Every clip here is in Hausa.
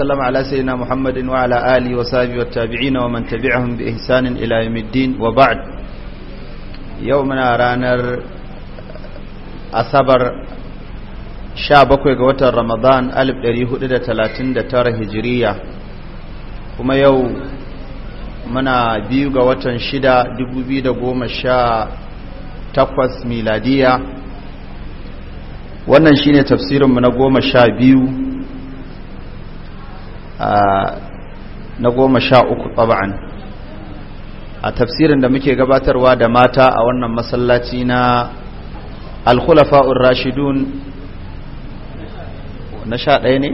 وسلم على سيدنا محمد وعلى آله وصحبه والتابعين ومن تبعهم بإحسان إلى يوم الدين وبعد يومنا رانر أصبر شابك قوة رمضان ألب دريه إلى تلاتين دتار هجرية كما يو منا بيو قوة شدا دبو بيدا قوم الشا تقوس ميلادية wannan shine tafsirinmu na goma sha biyu na goma sha uku taba'an a tafsirin da muke gabatarwa da mata a wannan masallaci na alkhulafa'ur rashidun na sha ɗaya ne?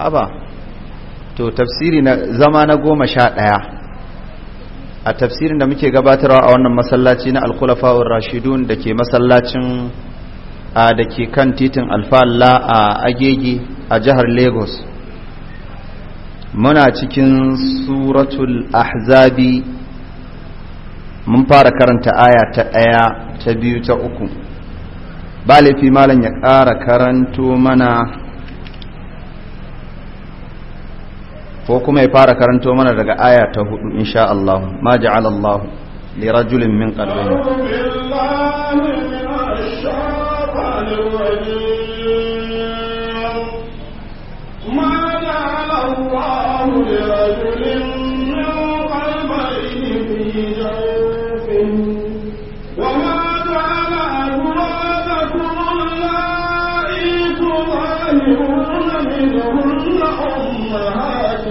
haba to tafsiri na zama na goma sha ɗaya a tafsirin da muke gabatarwa a wannan masallaci na alkhulafa'ur rashidun da ke masallacin da ke kan titin alfa'alla a agege a jihar lagos muna cikin suratul ahzabi mun fara karanta aya ta ɗaya ta biyu ta uku ba laifi malam ya ƙara karanto mana ko kuma ya fara karanto mana daga aya ta hudu insha Allah ma ja'ala Allah li rajulin min qalbayn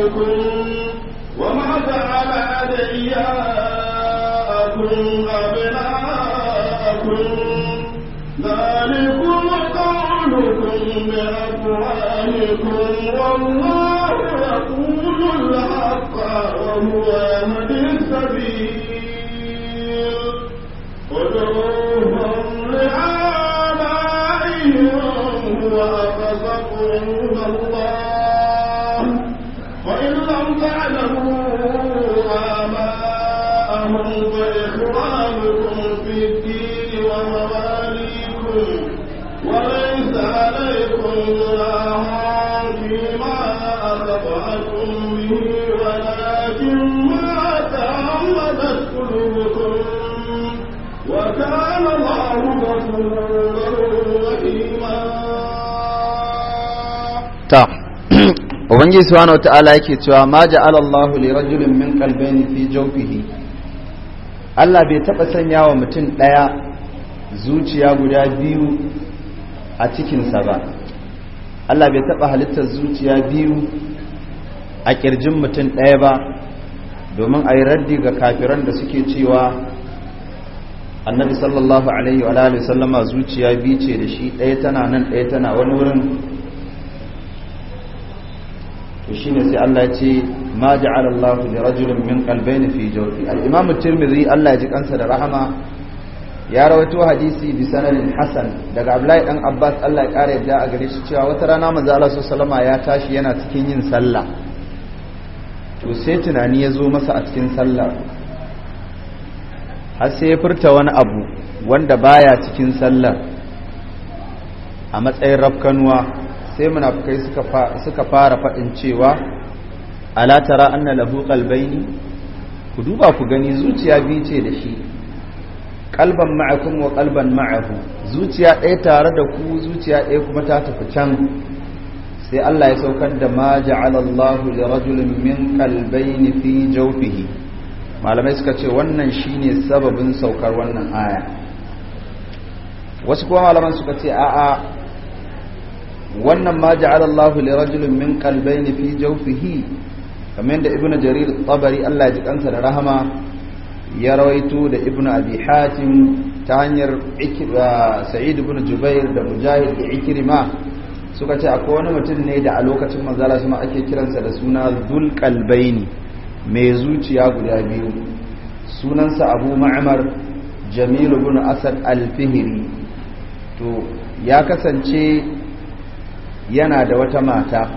أموالكم وما جعل أدعياءكم أبناءكم ذلكم قولكم بأفواهكم والله يقول الحق وهو يهدي ubangi subhanahu ta'ala yake cewa ma ja'ala Allahu li rajulin min qalbayni fi jawfihi Allah bai taba sanya wa mutum daya zuciya guda biyu a cikinsa ba Allah bai taba halittar zuciya biyu a kirjin mutum daya ba domin a raddi ga kafiran da suke cewa annabi sallallahu alaihi wa alihi sallama zuciya biyu ce da shi daya tana nan daya tana wani wurin shine sai Allah ya ce ma ja'ala Allah li rajulin min qalbayn fi jawfi al-imam at-tirmidhi Allah ya ji kansa da rahama ya rawaito hadisi bi sanadin hasan daga Abdullahi dan Abbas Allah ya kare yadda a gare shi cewa wata rana manzo Allah sallallahu ya tashi yana cikin yin sallah to sai tunani ya zo masa a cikin sallah har sai ya furta wani abu wanda baya cikin sallah a matsayin rafkanuwa sai munafukai suka fara faɗin cewa ala tara anna lahu qalbayni ku duba ku gani zuciya biyu ce da shi kalban ma'akum wa kalban ma'ahu zuciya ɗaya tare da ku zuciya ɗaya kuma ta tafi can sai Allah ya saukar da ma ja'ala Allah li rajulin min qalbayni fi jawfihi malamai suka ce wannan shine sababin saukar wannan aya wasu kuma malaman suka ce a'a wannan ma ja'ala alallahu li rajulin min qalbayni fi jawfihi kamar da ibnu jarir tabari Allah ji kansa da rahama ya rawaito da ibnu abi hatim ta hanyar ah, sa'id ibn jubair da mujahid da ikrima suka ce akwai wani mutum ne da a lokacin manzala ma ake kiransa da suna zul kalbaini mai zuciya guda biyu sunansa abu ma'amar jamilu bin asad alfihiri to ya kasance yana da wata mata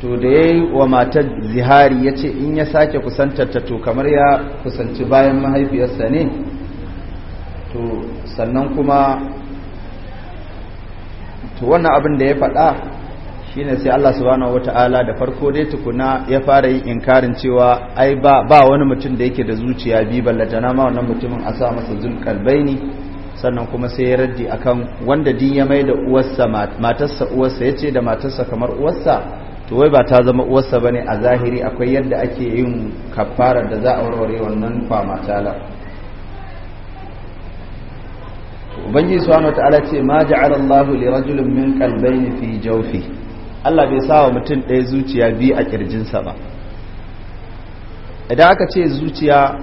to da ya yi wa matar zihari ya ce in ya sake kusantarta to kamar ya kusanci bayan mahaifiyarsa ne to sannan kuma to wannan abin da ya faɗa ne sai Allah subhanahu ta'ala da farko dai tukuna ya fara yi inkarin cewa ai ba wani mutum da yake da zuciya bi ta ma wannan mutumin a sa masa bai ne. sannan kuma sai ya raddi akan wanda din ya mai da uwarsa matarsa uwarsa ya ce da matarsa kamar uwarsa to wai ba ta zama uwarsa ba ne a zahiri akwai yadda ake yin kafarar da za a warware wannan kwama tala ubangiji subhanahu ta'ala ce ma ja'ala Allah li rajulin min qalbayni fi jawfi Allah bai sa wa mutum ɗaya zuciya biyu a kirjinsa ba idan aka ce zuciya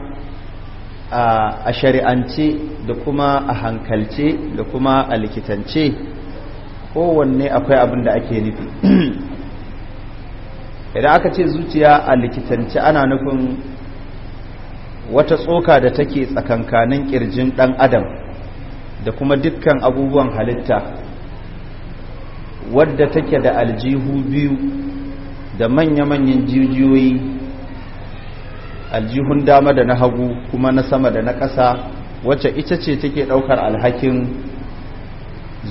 a shari'ance da kuma a hankalce da kuma a likitance kowanne akwai abin da ake nufi idan aka ce zuciya a likitance ana nufin wata tsoka da take tsakankanin kirjin ɗan adam da kuma dukkan abubuwan halitta wadda take da aljihu biyu da manya-manyan jijiyoyi aljihun dama da na hagu kuma na sama da na ƙasa wacce ita ce take ɗaukar alhakin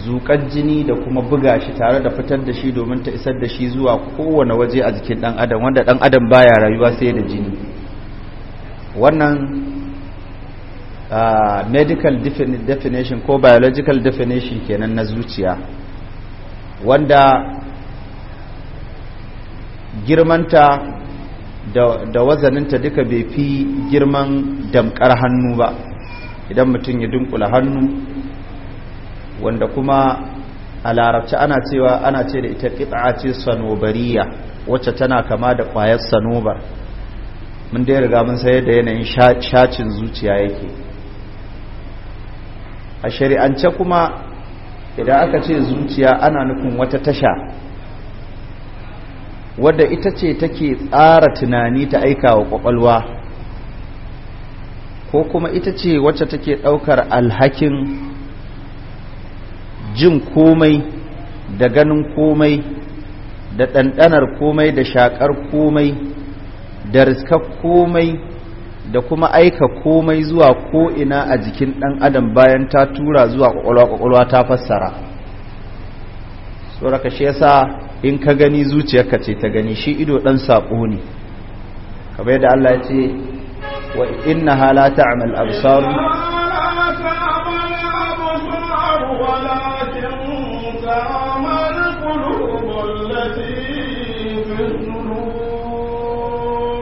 zuƙar jini da kuma buga shi tare da fitar da shi domin ta isar da shi zuwa kowane waje a jikin ɗan adam wanda ɗan adam baya rayuwa sai da jini wannan medical definition ko biological definition kenan na zuciya wanda girmanta da wazaninta duka bai fi girman damkar hannu ba idan mutum ya dunkula hannu wanda kuma a larabci ana cewa ana ce da ita ƙiɗa ce sanobariya wacce tana kama da ƙwayar sanobar mun dai riga mun sayar da yanayin shacin zuciya yake a shari'ance kuma idan aka ce zuciya ana nufin wata tasha wadda ita ce take tsara tunani ta aika wa kwakwalwa ko kuma ita ce wacce take ɗaukar alhakin jin komai da ganin komai da ɗanɗanar komai da shaƙar komai da riskar komai da kuma aika komai zuwa ko'ina a jikin ɗan adam bayan ta tura zuwa ƙwaƙwalwa ta fassara tsoraka shi yasa in ka gani zuciyarka ce ta gani shi ido dan sako ne kamar yadda Allah ya ce wa inna hala ta'mal absar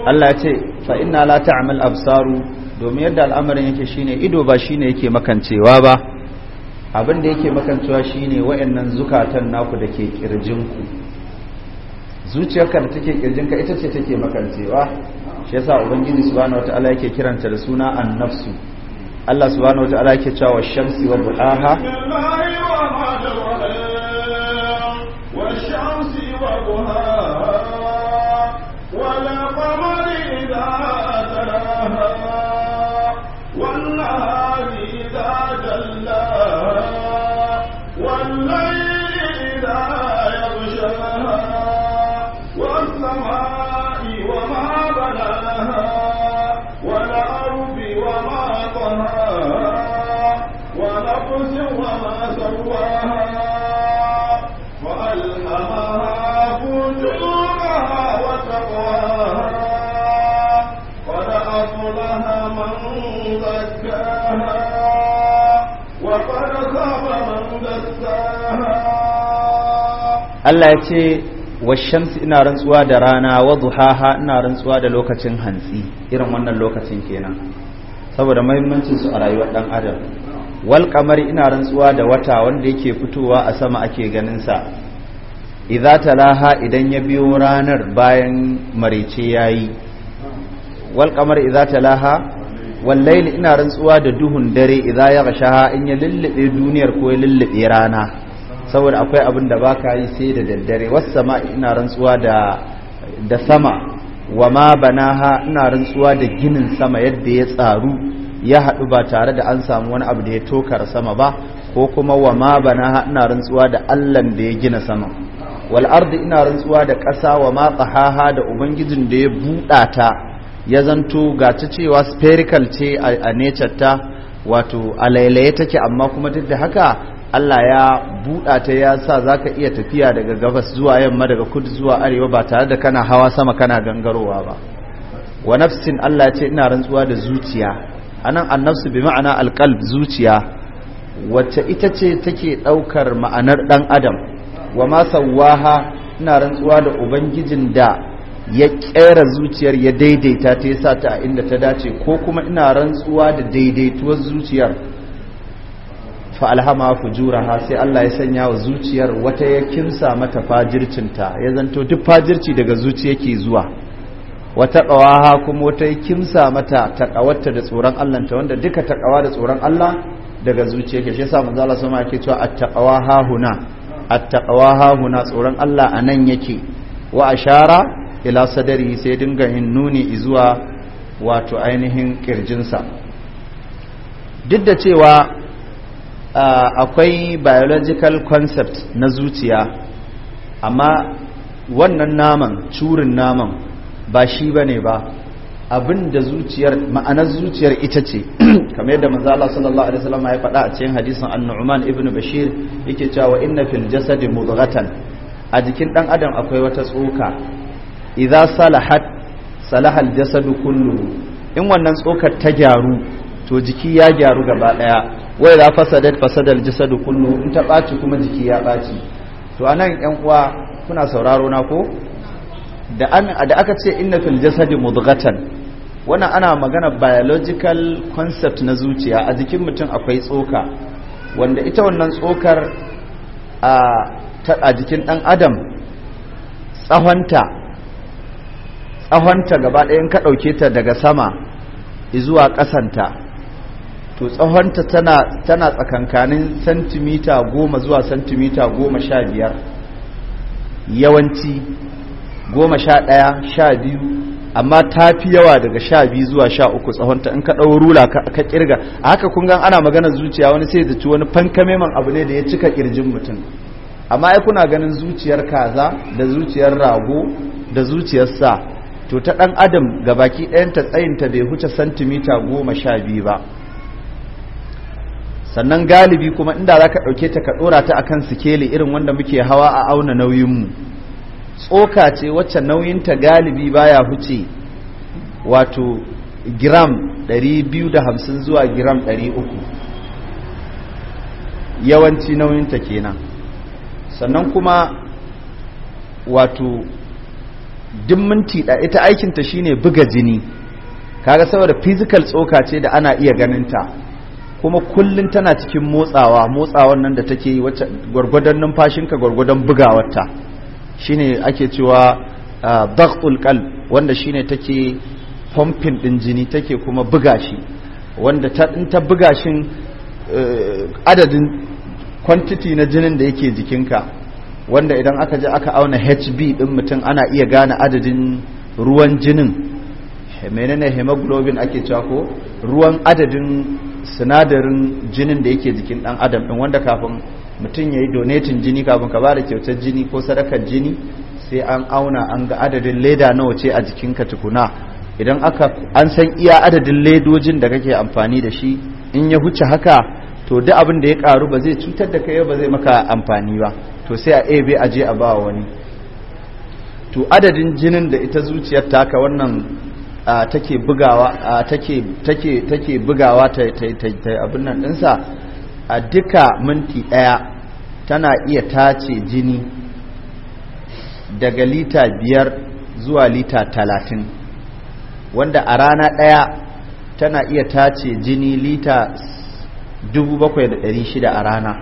Allah ya ce fa inna la ta'mal absar domin yadda al'amarin yake shine ido ba shine yake makancewa ba abin da yake makancewa shine wayannan zukatan naku dake kirjinku zuciyarka da take kirjinka ita ce take makarcewa shi yasa ubangiji subhanahu wataala yake kiranta da suna an Allah subhanahu wataala yake cewa shamsi wa duhaha Allah ya ce wa shamsi ina rantsuwa da rana wa duhaha ina rantsuwa da lokacin hantsi irin wannan lokacin kenan saboda muhimmancin su a rayuwar dan adam wal kamari ina rantsuwa da wata wanda yake fitowa a sama ake ganin sa idza talaha idan ya biyo ranar bayan marice yayi wal kamari idza talaha wal layli ina rantsuwa da duhun dare idza yaghshaha in ya lullube duniyar ko ya lullube rana saboda akwai abin da baka yi sai da daddare wasu sama ina rantsuwa da sama wa ma banaha ina rantsuwa da ginin sama yadda ya tsaru ya haɗu ba tare da an samu wani abu da ya tokar sama ba ko kuma wa ma banaha ina rantsuwa da allan da ya gina sama wal ardi ina rantsuwa da ƙasa wa ma tsahaha da ubangijin da ya buɗa ta ya zanto ga ta cewa spherical ce a nature ta wato a take amma kuma duk da haka Allah ya buɗa ta ya sa za ka iya tafiya daga gabas zuwa yamma daga kudu zuwa arewa ba tare da kana hawa sama kana gangarowa ba wa nafsin Allah ya ce ina rantsuwa da zuciya anan annafsu bi ma'ana alqalb zuciya wacce ita ce take ɗaukar ma'anar ɗan adam wa ma sawwaha ina rantsuwa da ubangijin da ya ƙera zuciyar ya daidaita ta yasa ta a inda ta dace ko kuma ina rantsuwa da daidaituwar zuciyar Fa alhama fujuraha sai Allah ya sanya wa zuciyar wata ya kimsa mata fajircinta ya zanto duk fajirci daga zuciya ke zuwa wata ƙawaha kuma wata ya kimsa mata taƙawarta da tsoron Allah ta wanda duka kawa da tsoron Allah daga zuciya ke shi yasa manzo Allah sama yake cewa at-taqwa ha huna at-taqwa huna tsoron Allah anan yake wa ashara ila sadari sai dinga yin nuni zuwa wato ainihin kirjinsa duk da cewa Ah, akwai biological concept na zuciya amma wannan naman curin naman ba shi ba ne ba abin da zuciyar ma'anar zuciyar ita ce kamar yadda manzo Allah sallallahu alaihi wasallam ya faɗa a cikin hadisin annu'man ibnu ibn Bashir yake cewa wa inna fil jasadi mudghatan a jikin dan adam akwai wata tsoka idza salahat salaha al-jasadu kullu in wannan tsokar ta gyaru to jiki ya gyaru gaba daya wai za fasadat fasadar jisadu kullu in ta ɓaci kuma jiki ya ɓaci to anan yan uwa kuna sauraro na ko da aka ce inna fil jasadi mudghatan wannan ana magana biological concept na zuciya a jikin mutum akwai tsoka wanda ita wannan tsokar a a jikin dan adam tsahonta tsahonta gaba ɗaya in ka ɗauke ta daga sama zuwa ƙasanta to tsawonta tana tana tsakankanin santimita goma zuwa santimita goma sha biyar yawanci goma sha ɗaya sha biyu amma ta fi yawa daga sha biyu zuwa sha uku tsawonta in ka ɗau rula ka kirga a haka kun ga ana magana zuciya wani sai da ci wani fankameman abu ne da ya cika kirjin mutum amma ai kuna ganin zuciyar kaza da zuciyar rago da zuciyar sa to ta ɗan adam ga baki ɗayanta tsayinta bai huce santimita goma sha biyu ba sannan galibi kuma inda za ka ɗauke ta ka ɗora ta kan sikeli irin wanda muke hawa a auna nauyinmu tsoka ce wacce nauyinta galibi baya huce wato giram 250 zuwa gram 300 yawanci nauyinta kenan sannan kuma wato duk minti da ita aikinta shine buga jini kaga saboda physical tsoka ce da ana iya ganin ta. kuma kullum tana cikin motsawa motsawan nan da take yi wacce gwargwadon numfashinka gurgudan bugawarta shine ake cewa ah, daqul qalb wanda shine take pumping din jini take kuma buga shi wanda ta din ta buga shin eh, adadin quantity na jinin da yake jikinka wanda idan aka je aka auna HB din mutum ana iya gane adadin ruwan jinin menene hemoglobin ake cewa ko ruwan adadin sinadarin jinin da yake jikin dan adam din wanda kafin mutum ya yi donetin jini kafin ka bada kyautar jini ko sadakar jini sai an auna an ga adadin leda nawa ce a jikinka tukuna idan aka an san iya adadin ledojin da kake amfani da shi in ya huce haka to duk abin da ya karu ba zai cutar da kai ba zai maka amfani ba to sai a ebe a je a ba wani to adadin jinin da ita zuciyar taka wannan take bugawa take take take bugawa ta ta abin nan dinsa a duka minti daya tana iya tace jini daga lita biyar zuwa lita talatin wanda a rana daya tana iya tace jini lita da 7,600 a rana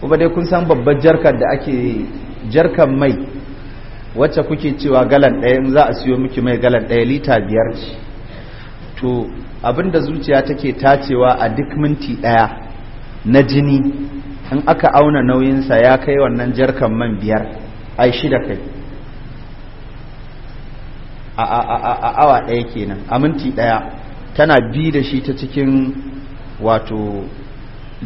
kuma dai kun san babbar jarkar da ake jarkar mai wacce kuke cewa galan ɗaya in za a siyo miki mai galan ɗaya lita biyar ce to abinda zuciya take tacewa a duk minti ɗaya na jini in aka auna nauyinsa ya kai wannan jarkan man biyar ai shida kai a awa ɗaya kenan a minti ɗaya tana bi da shi ta cikin wato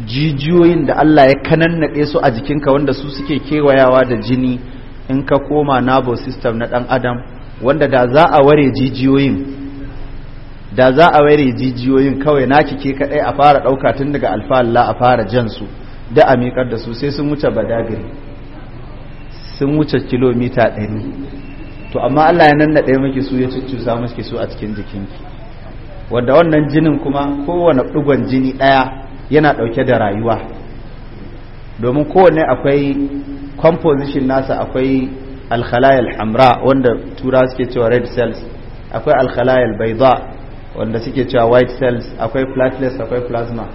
jijiyoyin da Allah ya kanannaɗe su a jikinka wanda su suke kewayawa da jini in ka koma nabo system na dan adam wanda da za a ware jijiyoyin da za a ware jijiyoyin kawai naki ke kadai a fara dauka tun daga Allah a fara jan su da a miƙar da su sai sun wuce badagiri sun wuce kilomita 100 to amma Allah ya nannaɗe miki su ya cuccusa miki su a cikin jikinki wanda wannan jinin kuma kowane ɗigon jini ɗaya yana ɗauke da rayuwa domin kowane akwai composition nasa akwai alkhalayal hamra wanda tura suke cewa red cells akwai alkhalayal baiza wanda suke cewa white cells akwai platelets akwai plasma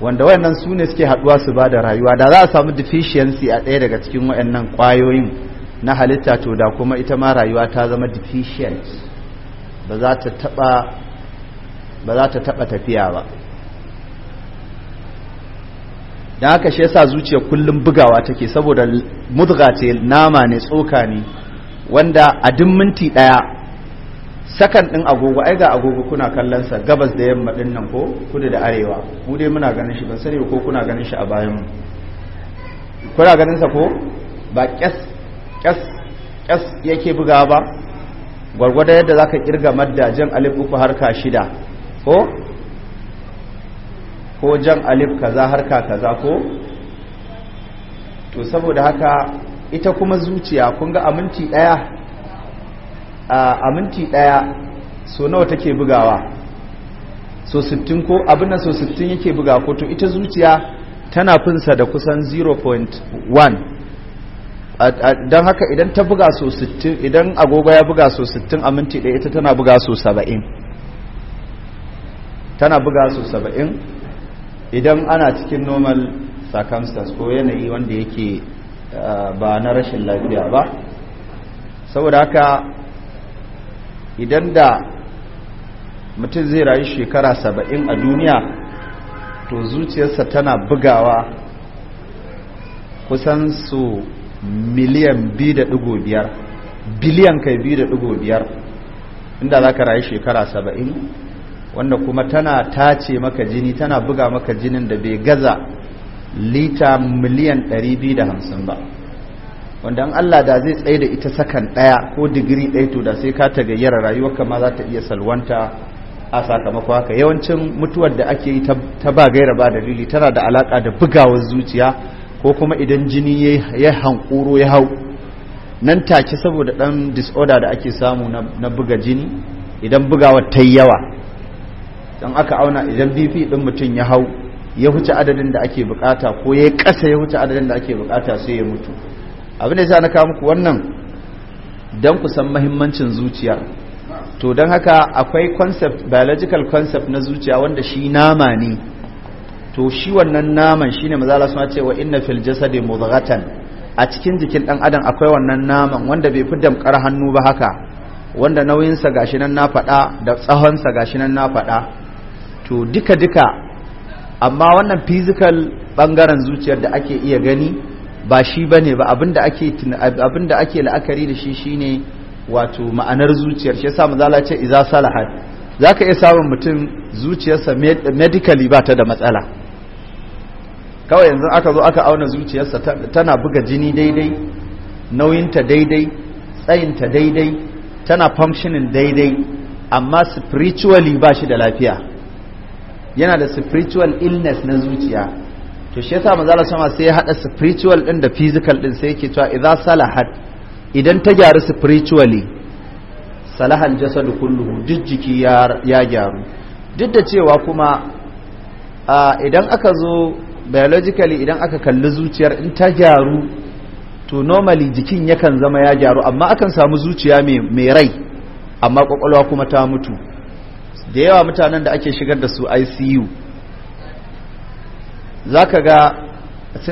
wanda wayannan su ne suke haduwa su ba da rayuwa da za a samu deficiency a ɗaya daga cikin wayannan kwayoyin na halitta to da kuma ita ma rayuwa ta zama deficient ba za ta taba ba za ta taba tafiya ba da haka shi yasa zuciya kullum bugawa take saboda mudga ce nama ne tsoka ne wanda a duk minti daya sakan din agogo ai ga agogo kuna kallon gabas da yamma din nan ko kudu da arewa mu dai muna ganin shi ban sani ko kuna ganin shi a bayan mu kuna ganin sa ko ba kyas kyas kyas yake bugawa ba gwargwada yadda zaka kirga madda jan alif uku harka shida ko ko jan alif kaza harka kaza ko to saboda haka ita kuma zuciya kun ga aminti daya a aminti daya so nawa take bugawa so 60 ko abin nan so 60 yake buga ko to ita zuciya tana finsa da kusan 0.1 don haka idan ta buga so 60 idan agogo ya buga so 60 a minti daya ita tana buga so 70 tana buga so idan ana cikin normal circumstance ko yanayi wanda yake ah, ba na rashin lafiya ba saboda haka idan da mutum zai rayu shekara saba'in a duniya to zuciyarsa tana bugawa kusan su miliyan 2.5 biliyan kai 2.5 inda za ka rayu shekara saba'in wanda kuma tana tace maka jini tana buga maka jinin da bai gaza lita miliyan 250 ba wanda an Allah da zai tsaye da ita sakan ɗaya ko digiri ɗaya to da sai ka ta gayyara ka ma za ta iya salwanta a sakamako haka yawancin mutuwar da ake yi ta ba gaira ba dalili tana da alaka da bugawar zuciya ko kuma idan jini ya hankuro ya hau nan take saboda ɗan disorder da ake samu na buga jini idan bugawar ta yi yawa don aka auna idan bp ɗin mutum ya hau ya huce adadin da ake bukata ko ya kasa ya huce adadin da ake bukata sai ya mutu abin da ya na kawo muku wannan don ku san mahimmancin zuciya to don haka akwai concept biological concept na zuciya wanda shi nama ne to shi wannan naman shine maza mazala suna cewa inna fil jasadi mudghatan a cikin jikin dan adam akwai wannan naman wanda bai fi damkar hannu ba haka wanda nauyinsa gashi nan na faɗa da tsahonsa gashi nan na faɗa to duka-duka amma wannan physical bangaren zuciyar da ake iya gani ba shi ba ne ba abinda ake la'akari da shi shine wato ma'anar zuciyar shi ya samu zala ce iza salahat za iya samun mutum zuciyarsa medically ba ta da matsala kawai yanzu aka zo aka auna zuciyarsa tana buga jini daidai nauyinta daidai tsayinta daidai tana functioning daidai amma spiritually ba shi da lafiya yana da spiritual illness na zuciya to shi yasa manzo Allah sama sai ya hada spiritual din da physical din sai yake cewa idza salahat idan ta gyaru spiritually salahan jasadu kulluhu duk jiki ya gyaru duk da cewa kuma idan aka zo biologically idan aka kalli zuciyar in ta gyaru to normally jikin yakan zama ya gyaru amma akan samu zuciya mai rai amma kwakwalwa kuma ta mutu da yawa mutanen da ake shigar da su ICU za ka ga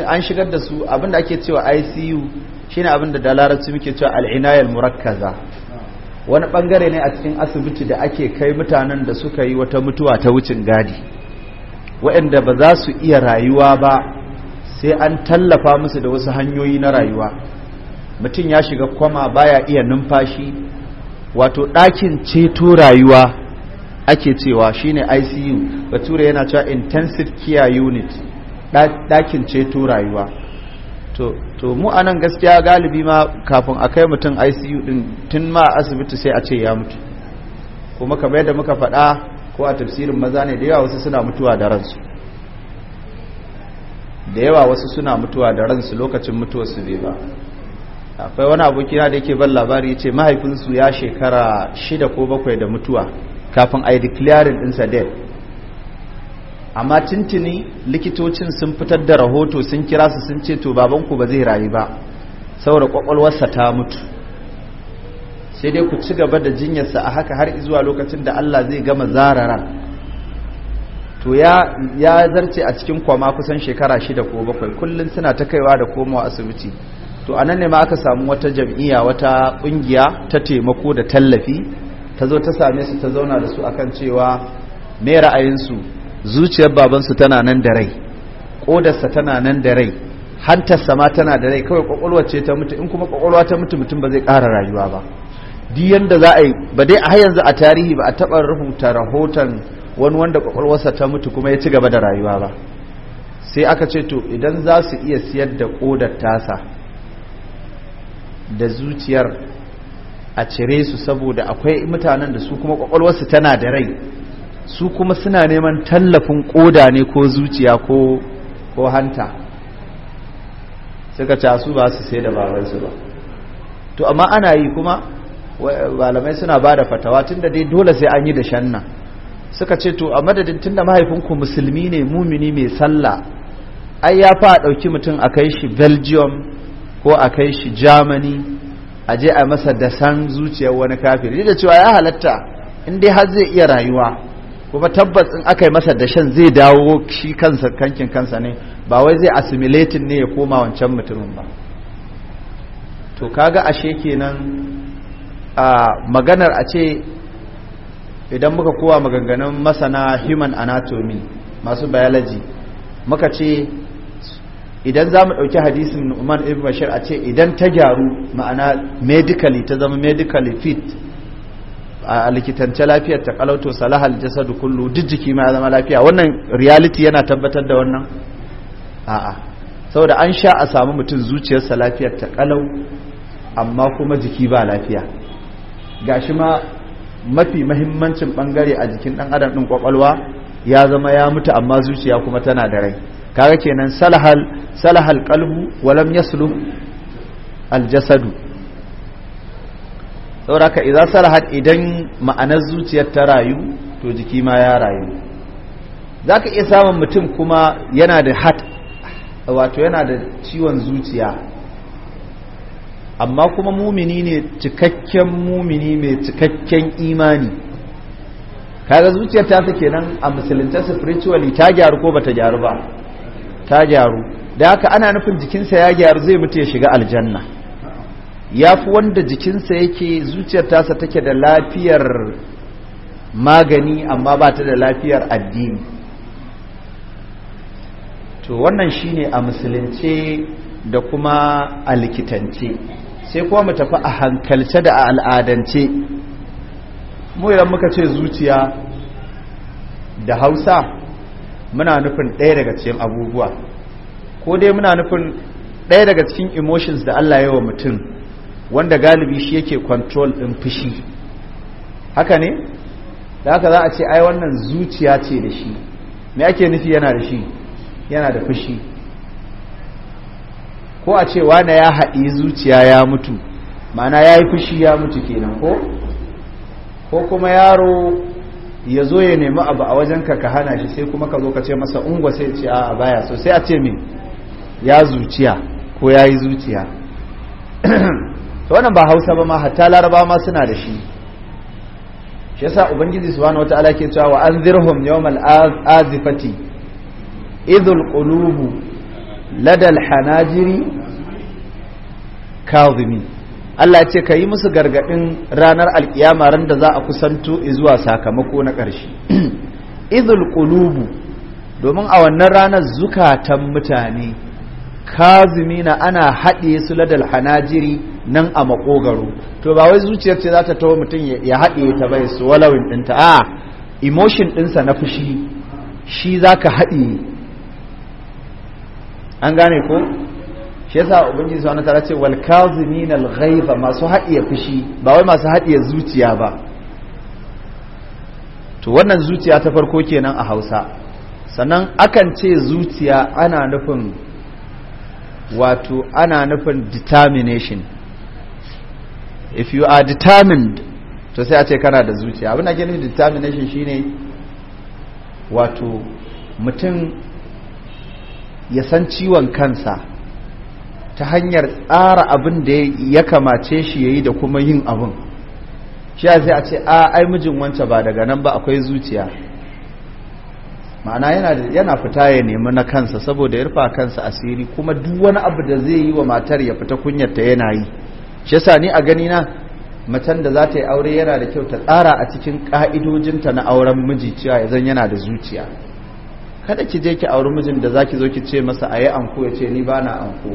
an shigar da su abinda ake cewa ICU shine abinda da larabci muke cewa al'inayar murakkaza wani bangare ne a cikin asibiti da ake kai mutanen da suka yi wata mutuwa ta wucin gadi waɗanda ba za su iya rayuwa ba sai an tallafa musu da wasu hanyoyi na rayuwa mutum ya shiga kwama baya iya numfashi wato ɗakin ceto rayuwa ake cewa shine ICU bature yana cewa intensive care unit ɗakin ceto rayuwa to mu anan gaskiya galibi ma kafin a kai mutum ICU din tun ma asibiti sai a ce ya mutu kuma kamar yadda muka faɗa ko a tafsirin maza ne da yawa wasu suna mutuwa da ransu da yawa wasu suna mutuwa da ransu lokacin mutuwarsu bai ba akwai wani abokina da yake ban labari ya ce mahaifinsu ya shekara shida ko bakwai da mutuwa kafin a yi declaring ɗinsa dead amma tintini likitocin sun fitar da rahoto sun kira su sun ce to babanku ba zai rayu ba saboda kwakwalwarsa ta mutu sai dai ku ci gaba da jinyarsa a haka har zuwa lokacin da Allah zai gama zararan to ya ya zarce a cikin kwama kusan shekara shida ko bakwai kullum suna ta kaiwa da komawa asibiti to anan ne ma aka samu wata jam'iyya wata ƙungiya ta taimako da tallafi ta zo ta same su ta zauna da su akan cewa me ra'ayinsu zuciyar babansu tana nan da rai Kodarsa tana nan da rai hantarsa ma tana da rai kawai kwakwalwa ce ta mutu in kuma kwakwalwa ta mutu mutum ba zai ƙara rayuwa ba duk yanda za a yi ba dai a yanzu a tarihi ba a taɓa rubuta rahoton wani wanda kwakwalwarsa ta mutu kuma ya ci gaba da rayuwa ba sai aka ce to idan za su iya siyar da kodar tasa da zuciyar a cire su saboda akwai mutanen da su kuma kwakwalwarsu tana da rai su kuma suna neman tallafin koda ne ko zuciya ko hanta suka casu ba su sai da babansu ba to amma ana yi kuma malamai suna ba da fatawa da dai dole sai an yi da shanna suka ce to a madadin tunda mahaifinku musulmi ne mumini mai sallah ai ya fa ɗauki mutum a kai shi belgium ko a kai shi germany a je a masa da san zuciyar wani kafiri da cewa ya halatta in dai har zai iya rayuwa kuma tabbas in aka yi masa dashen zai dawo shi kansa kankin kansa ne ba wai zai assimilating ne ya koma wancan mutumin ba to kaga ashe kenan a maganar a ce idan muka kowa maganganun masana human anatomy masu biology muka ce idan za mu ɗauki hadisin Nu'man ibn Bashir a ce idan ta gyaru ma'ana medically ta zama medically fit a likitance lafiyar ta kalauto salahal jasadu kullu duk jiki ma zama lafiya wannan reality yana tabbatar da wannan a'a saboda an sha a samu mutum zuciyarsa lafiyar ta kalau amma kuma jiki ba lafiya gashi ma mafi mahimmancin bangare a jikin dan adam din kwakwalwa ya zama ya mutu amma zuciya kuma tana da rai kaga kenan salahal salahal qalbu wa lam yasluh al jasadu sauraka idza salahat idan ma'anar zuciyar ta rayu to jiki ma ya rayu zaka iya samun mutum kuma yana da hat wato yana da ciwon zuciya amma kuma mumini ne cikakken mumini mai cikakken imani kaga zuciyar ta kenan a musulunta spiritually ta gyaru ko bata gyaru ba ta gyaru da haka ana nufin jikinsa ya gyaru zai mutu ya shiga aljanna ya fi wanda jikinsa yake zuciyar tasa take da lafiyar magani amma ba ta da lafiyar addini to wannan shi ne a musulunce da kuma a likitance sai kuma mu tafi a hankalce da a al'adance mu idan muka ce zuciya da hausa muna nufin ɗaya daga cikin abubuwa ko dai muna nufin ɗaya daga cikin emotions da Allah wa mutum wanda galibi shi yake control ɗin fushi haka ne da haka za a ce ai wannan zuciya ce da shi me ake nufi yana da shi yana da fushi ko a ce wane ya haɗi zuciya ya mutu ma'ana ya yi fushi ya mutu kenan ko ko kuma yaro ya zo ya nemi abu a wajenka ka hana shi sai kuma ka zo ka ce masa ungwa sai ce a baya so sai a ce min ya zuciya ko ya yi zuciya ta wannan ba hausa ba ma hatta laraba ma suna da shi shi yasa ubangiji su wani wata ke cewa wa yau mal azifati idul qulubu ladal hanajiri kazumi Allah ce ka yi musu gargaɗin ranar alƙiyama ran da za a kusanto zuwa sakamako na ƙarshe izul qulubu domin a wannan ranar zukatan mutane kazimina ana haɗe su ladal hanajiri nan a makogaro to ba wai zuciyar ce za ta tawo mutum ya haɗe ta bai su walawin ɗinta a emotion ɗinsa na fushi shi za ka haɗe an gane ko shi yasa ubangiji subhanahu wataala ce wal kazimin al ghaiba masu haɗiye fushi ba wai masu haɗiye zuciya ba to wannan zuciya ta farko kenan a Hausa sannan akan ce zuciya ana nufin wato ana nufin determination if you are determined to sai a ce kana da zuciya abin da ke nufin determination shine wato mutum ya san ciwon kansa ta hanyar tsara abin da ya kamace shi ya yi da kuma yin abin shi sai a ce a ai mijin wance ba daga nan ba akwai zuciya ma'ana yana fita ya nemi na kansa saboda ya rufa kansa asiri kuma duk wani abu da zai yi wa matar ya fita kunyar ta yana yi shi yasa ni a gani na macen da za ta yi aure yana da kyau ta tsara a cikin ka'idojinta na auren miji cewa ya zan yana da zuciya kada ki je ki auri mijin da zaki zo ki ce masa a yi anko ya ce ni ba na anko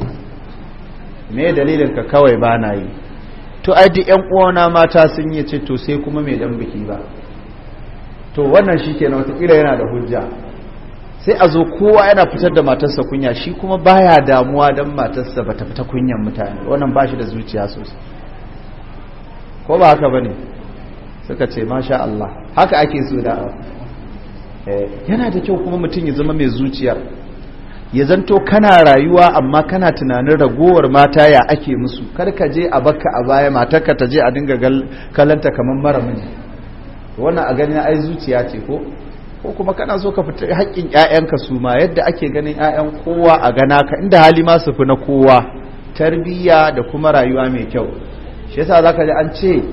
me dalilin ka kawai ba na yi to ai duk yan uwana mata sun yi ce to sai kuma mai dan biki ba to wannan shikenan watakila yana da hujja sai a zo kowa yana fitar da matarsa kunya shi kuma baya damuwa dan matarsa ta fita kunyan mutane wannan ba shi da zuciya sosai ko ba haka bane suka ce masha Allah haka ake so da eh, yana da kyau kuma mutum ya zama mai zuciyar ya zanto kana rayuwa amma kana tunanin ragowar mata ya ake musu ka je a baka a baya matarka ta je a dinga kalanta kamar mara miji wannan a ganin ai zuciya ce ko ko kuma kana so ka fita haƙƙin ƴaƴanka su ma yadda ake ganin ƴaƴan kowa a gana ka inda hali ma su fi na kowa tarbiyya da kuma rayuwa mai kyau shi yasa zaka ji an ce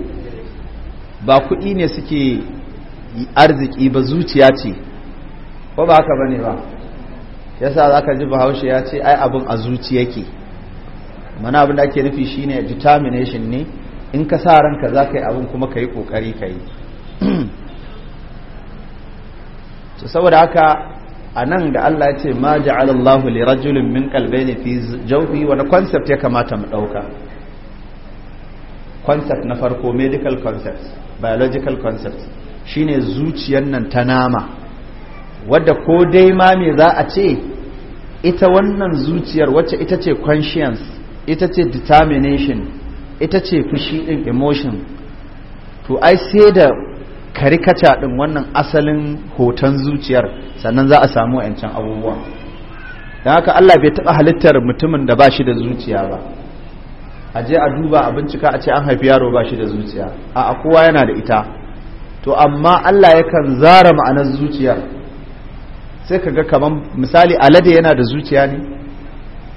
ba kuɗi ne suke arziki ba zuciya ce ko ba haka bane ba yasa za ka ji bahaushe ya ce ai abin a zuci yake mana abin da ake nufi shine determination ne in ka sa ranka za ka yi abin kuma ka yi ƙoƙari ka yi saboda haka a nan da Allah ya ce ma ja'ala Allah li rajulin min ne fi jawfi wani concept ya kamata mu ɗauka concept na farko medical concept biological concept shine zuciyar nan ta nama wadda ko dai ma me za a ce ita wannan zuciyar wacce ita ce conscience ita ce determination ita ce fushi ɗin emotion to ai sai da karikata ɗin wannan asalin hoton zuciyar sannan za a samu yancan abubuwa don haka Allah bai taɓa halittar mutumin da ba shi da zuciya ba a je a duba a bincika a ce an haifi yaro ba shi da zuciya a kowa yana da ita to amma Allah yakan zara ma'anar zuciyar sai ka ga kamar misali alade yana da zuciya ne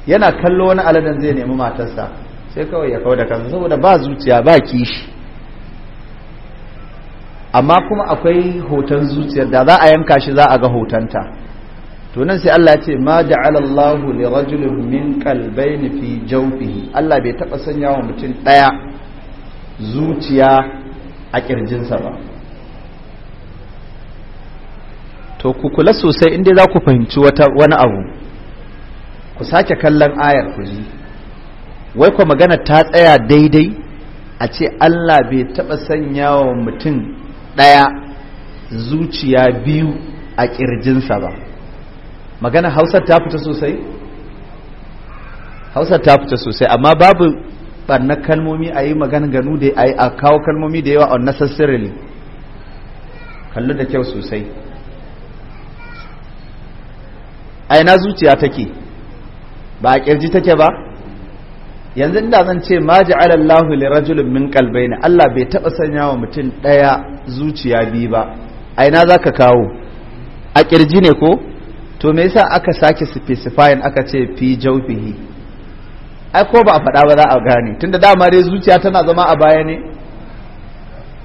yana kallo wani aladen zai nemi matarsa sai kawai ya kawo da kansa saboda ba zuciya ba kishi amma kuma akwai hoton zuciyar da za a yanka shi za a ga hotonta to nan sai Allah ya ce ma ja'ala Allahu li rajulin min qalbayn fi jawfihi Allah bai taba sanya wa mutum daya zuciya a kirjinsa ba to ku kula sosai inda za ku fahimci wani abu ku sake kallon ayar ku ji wai ku magana ta tsaya daidai a ce allah bai taɓa sanya wa mutum ɗaya zuciya biyu a ƙirjinsa ba magana hausar ta fita sosai hausar ta fita sosai amma babu barna kalmomi a yi ganu da a kawo kalmomi da yawa unnecessarily kallo da kyau sosai a ina zuciya take ba a kirji take ba yanzu inda zan ce ma ja'ala Allahu li rajulin min ne Allah bai taba sanya wa mutum ɗaya zuciya biyu ba a ina zaka kawo a kirji ne ko to me yasa aka sake specifying aka ce fi jawfihi ai ko ba a faɗa ba za a gane tunda dama dai zuciya tana zama a baya ne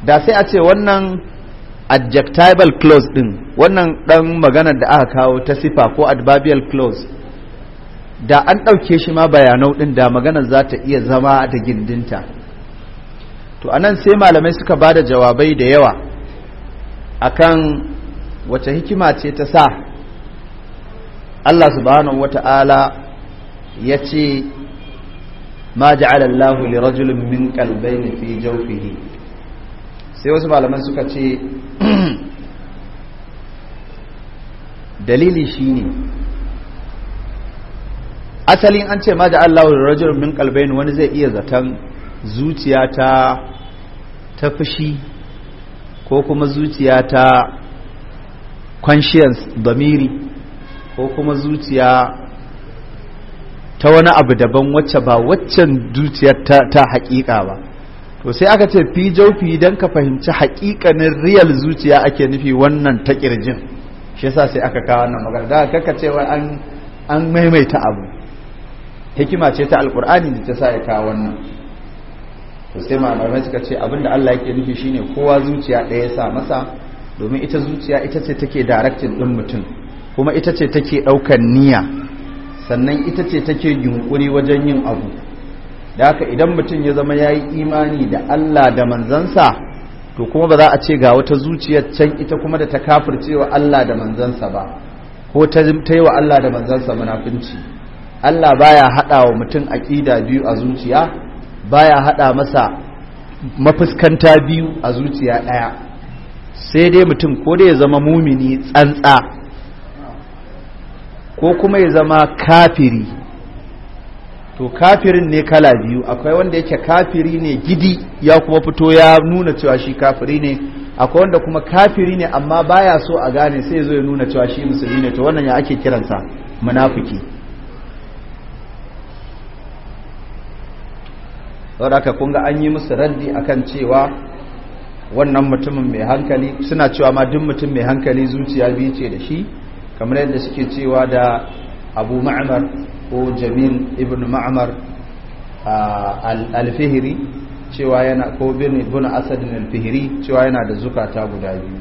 da sai a ce wannan adjectival clause din wannan dan maganar da aka kawo ta sifa ko adverbial clause da an ɗauke shi ma bayanau ɗin da maganar za ta iya zama da gindinta to anan sai malamai suka bada jawabai da yawa akan wace hikima ce ta sa Allah subhanahu wata'ala ya ce ma ja'alallahu li rajulin min kalbaini fi jawfihi sai wasu malaman suka ce dalili shine asalin an ce ma da Allah rajul min qalbayn wani zai iya zaton zuciya ta ta fushi ko kuma zuciya ta conscience damiri ko kuma zuciya ta wani abu daban wacce ba waccan zuciya ta, ta hakika ba to sai aka ce fi jaufi don ka fahimci hakikanin riyal zuciya ake nufi wannan ta ƙirjin shi yasa sai aka kawo wannan magana da kaka cewa an an maimaita abu hikima ce ta alƙur'ani da ta sa ya kawo wannan to sai malamai suka ce abinda Allah yake nufi shine kowa zuciya ɗaya ya sa masa domin ita zuciya ita ce take daraktin ɗin mutum kuma ita ce take ɗaukar niyya sannan ita ce take yunƙuri wajen yin abu da haka idan mutum ya zama ya yi imani da Allah da manzansa to kuma ba za a ce ga wata zuciyar can ita kuma da ta cewa Allah da manzansa ba ko ta yi wa Allah da manzansa munafunci Allah baya haɗa wa mutum aƙida biyu a zuciya baya haɗa masa mafuskanta biyu a zuciya ɗaya sai dai mutum ko da ya zama mumini tsantsa ko kuma ya zama kafiri to kafirin ne kala biyu akwai wanda yake kafiri ne gidi ya kuma fito ya nuna cewa shi kafiri ne akwai wanda kuma kafiri ne amma baya so a gane sai zo ya nuna cewa shi musulmi ne to wannan ya ake kiransa munafiki saboda kun ga an yi musu raddi akan cewa wannan mutumin mai hankali suna cewa ma duk mutum mai hankali zuciya biyu ce da shi kamar yadda suke cewa da abu ma'amar ko jamil ibn ma'amar alfihiri cewa yana ko bin ibn asadin alfihiri cewa yana da zukata guda biyu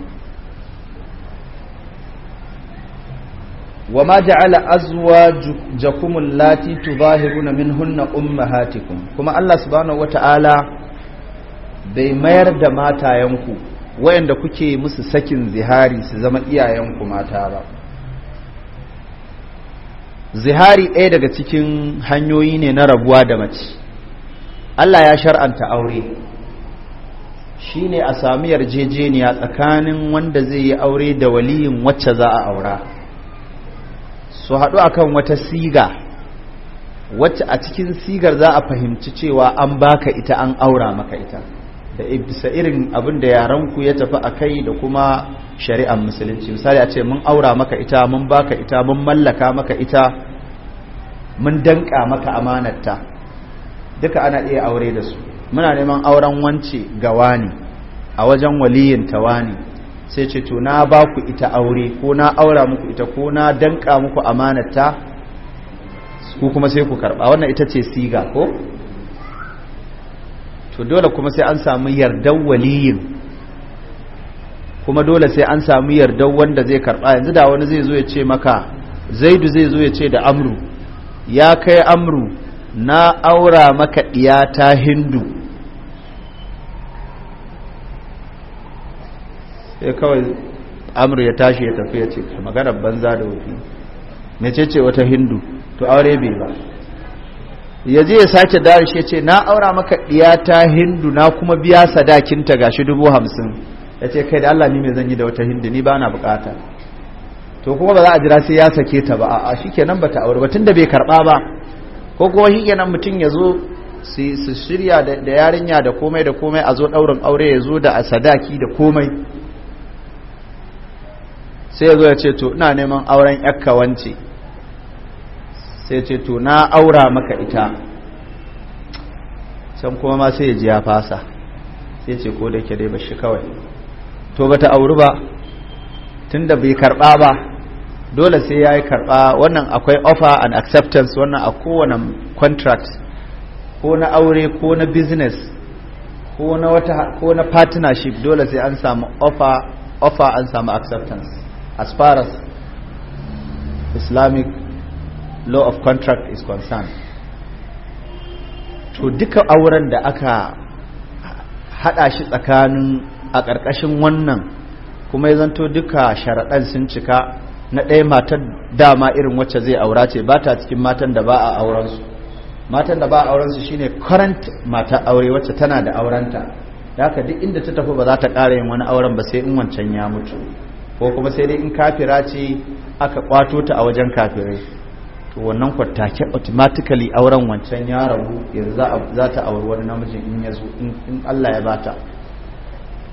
وما جعل أزواجكم اللاتي hunna منهن Kuma Allah الله سبحانه وتعالى bai mayar da matayenku wayanda kuke musu sakin zihari su zama iyayenku mata ba zihari ɗaya daga cikin hanyoyi ne na rabuwa da mace Allah ya shar'anta aure shi ne a sami yarjejeniya tsakanin wanda zai yi aure da waliyin wacce za a aura su haɗu akan wata siga wacce a cikin sigar za a fahimci cewa an baka ita an aura maka ita Da bisa irin abin da yaranku ya tafi a kai da kuma shari'ar musulunci misali a ce mun aura maka ita mun baka ita mun mallaka maka ita mun danka maka amanarta duka ana iya aure da su muna neman auren wance ga wani a wajen waliyin tawani sai ce to na ba ku ita aure ko na aura muku ita ko na danka muku amanarta ku kuma sai ku karba wannan ita ce siga ko to dole kuma sai an samu yardar waliyin kuma dole sai an samu yardar wanda zai karɓa yanzu da wani zai zo ya ce maka zaidu zai zo ya ce da amru ya kai amru na aura maka ta hindu sai kawai amru ya tashi ya tafi ya ce magana banza da wafi mece ce wata hindu to aure bai ba ya je ya sake dare shi ce na aura maka ta hindu na kuma biya sadakinta ga gashi dubu hamsin ya ce kai da Allah ni mai zan yi da wata hindu ni ba na bukata to kuma ba za a jira sai ya sake ta ba a shi kenan ba ta aure ba tunda bai karba ba ko kuma shi kenan mutum ya zo su shirya da yarinya da komai da komai a zo ɗaurin aure ya zo da a sadaki da komai sai ya zo ya ce to ina neman auren yakka wance sai ce to na aura maka ita can kuma ma sai ya ji ya fasa sai ce ko da ke dai bashi kawai to bata auri ba tun da bai karba ba dole sai ya yi karba wannan akwai offer and acceptance wannan a kowane contract ko na aure ko na business ko na ko na partnership dole sai an samu offer offer an samu acceptance as far as islamic law of contract is concerned to duka auren da aka hada shi tsakanin a ƙarƙashin wannan kuma ya zanto duka sharaɗan sun cika na ɗaya matar dama irin wacce zai aura ce ba ta cikin matan da ba a aurensu matan da ba a aurensu shine current mata aure wacce tana da aurenta da haka duk inda ta tafi ba za ta ƙara yin wani auren ba sai in wancan ya mutu ko kuma sai dai in kafira ce aka kwato ta a wajen kafirai to wannan kwattake automatically auren wancan ya rabu yanzu za ta auri wani namiji in ya zo in Allah ya bata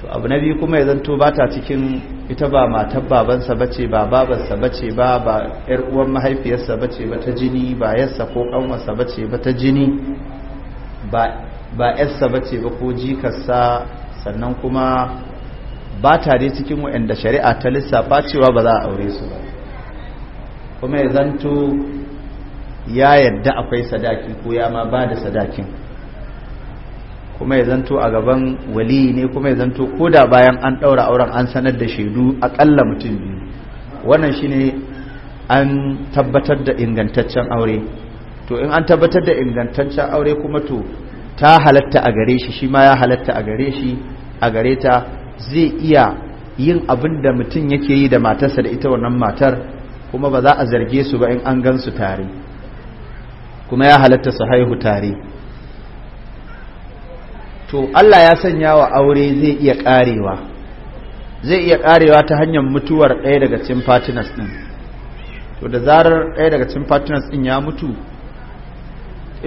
to abu na biyu kuma ya zanto bata cikin ita ba matar babansa bace ba babansa bace ba ba yar uwan mahaifiyarsa bace ba ta jini ba yarsa ko kanwarsa bace ba ta jini ba ba yarsa bace ba ko jikarsa sannan kuma ba ta dai cikin waɗanda shari'a ta lissafa cewa ba za a aure su ba kuma ya zanto ya yadda akwai sadaki ko ya ma ba da sadakin kuma ya zanto a gaban wali ne kuma ya zanto ko da bayan an ɗaura auren an sanar da shaidu aƙalla mutum biyu wannan shi ne an tabbatar da ingantaccen aure to in an tabbatar da ingantaccen aure kuma to ta halatta a gare shi shi ma ya halatta a gare shi a gare ta zai iya yin abin da mutum yake yi da matarsa da ita wannan matar kuma ba za a zarge su ba in an gan su tare kuma ya halatta su haihu tare to Allah ya sanya wa aure zai iya karewa zai iya karewa ta hanyar mutuwar ɗaya daga cikin partners din to da zarar ɗaya daga cikin partners din ya mutu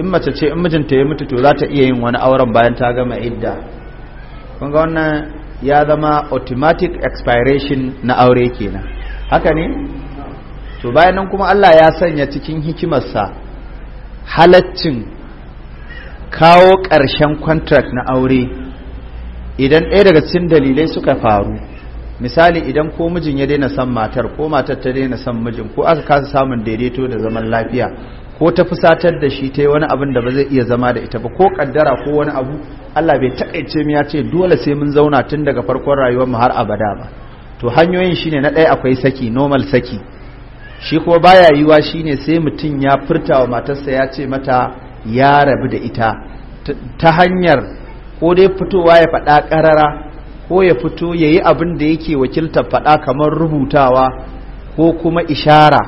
in mace ce in mijinta ya mutu to za ta iya yin wani auren bayan ta gama idda kun ga wannan ya zama automatic expiration na aure kenan haka ne to bayan nan kuma Allah ya sanya cikin hikimarsa halaccin kawo ƙarshen contract na aure idan ɗaya daga cikin dalilai suka faru misali idan ko mijin ya daina son matar ko matar ta daina son mijin ko aka kasa samun daidaito da zaman lafiya ko ta fusatar da shi ta yi wani abin da ba zai iya zama da ita ba ko kaddara ko wani abu Allah bai takaice mu ya ce dole sai mun zauna tun daga farkon rayuwar mu har abada ba to hanyoyin shine na ɗaya akwai saki normal saki shi kuma baya yiwa shine sai mutum ya furta wa matarsa ya ce mata ya rabu da ita ta hanyar ko dai fitowa ya faɗa ƙarara ko ya fito ya yi abin da yake wakiltar faɗa kamar rubutawa ko kuma ishara